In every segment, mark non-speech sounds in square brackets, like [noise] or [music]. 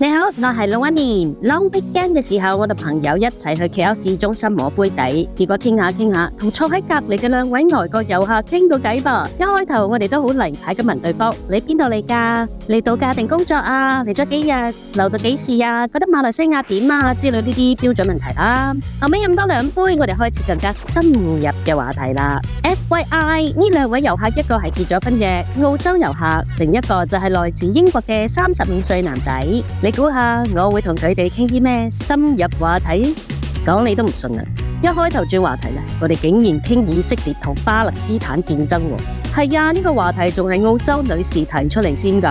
你好，我係龍紋敏。Long weekend 嘅時候，我同朋友一齊去 KL 市中心摸杯底，結果傾下傾下，同坐喺隔籬嘅兩位外國遊客傾個偈噃。一開頭我哋都好禮貌咁問對方：你邊度嚟㗎？嚟度假定工作啊？嚟咗幾日？留到幾時呀？覺得馬來西亞點啊？之類呢啲標準問題啦。後尾飲多兩杯，我哋開始更加深入嘅話題啦。FYI，呢兩位遊客，一個係結咗婚嘅澳洲遊客，另一個就係來自英國嘅三十五歲男仔。你估下，我會同佢哋傾啲咩深入話題？講你都唔信啊！一開頭轉話題呢，我哋竟然傾以色列同巴勒斯坦戰爭喎。係呀、啊，呢、這個話題仲係澳洲女士提出嚟先㗎。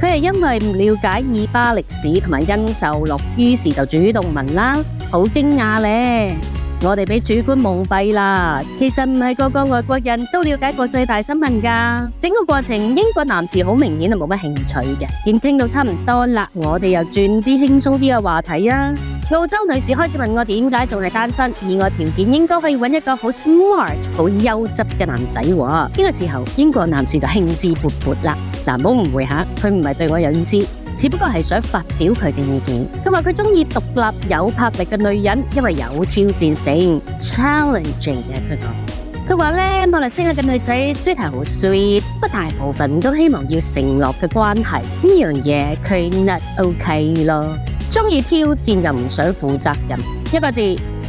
佢係因為唔了解以巴歷史同埋恩仇錄，於是就主動問啦，好驚訝咧。我哋俾主觀蒙蔽啦，其實唔係個個外國人都了解國際大新聞噶。整個過程，英國男士好明顯啊冇乜興趣嘅。見傾到差唔多啦，我哋又轉啲輕鬆啲嘅話題啊。澳洲女士開始問我點解仲係單身，以我條件應該可以搵一個好 smart、好優質嘅男仔。呢、這個時候，英國男士就興致勃勃啦。嗱，唔好誤會吓，佢唔係對我有意思。只不過係想發表佢嘅意見，佢話佢中意獨立有魄力嘅女人，因為有挑戰性，challenging 嘅。佢講 eng、啊，佢話咧馬來西亞嘅女仔雖然好 sweet，但大部分都希望要承諾嘅關係，呢 [laughs] 樣嘢佢 not ok 咯，中意挑戰又唔想負責任，一個字。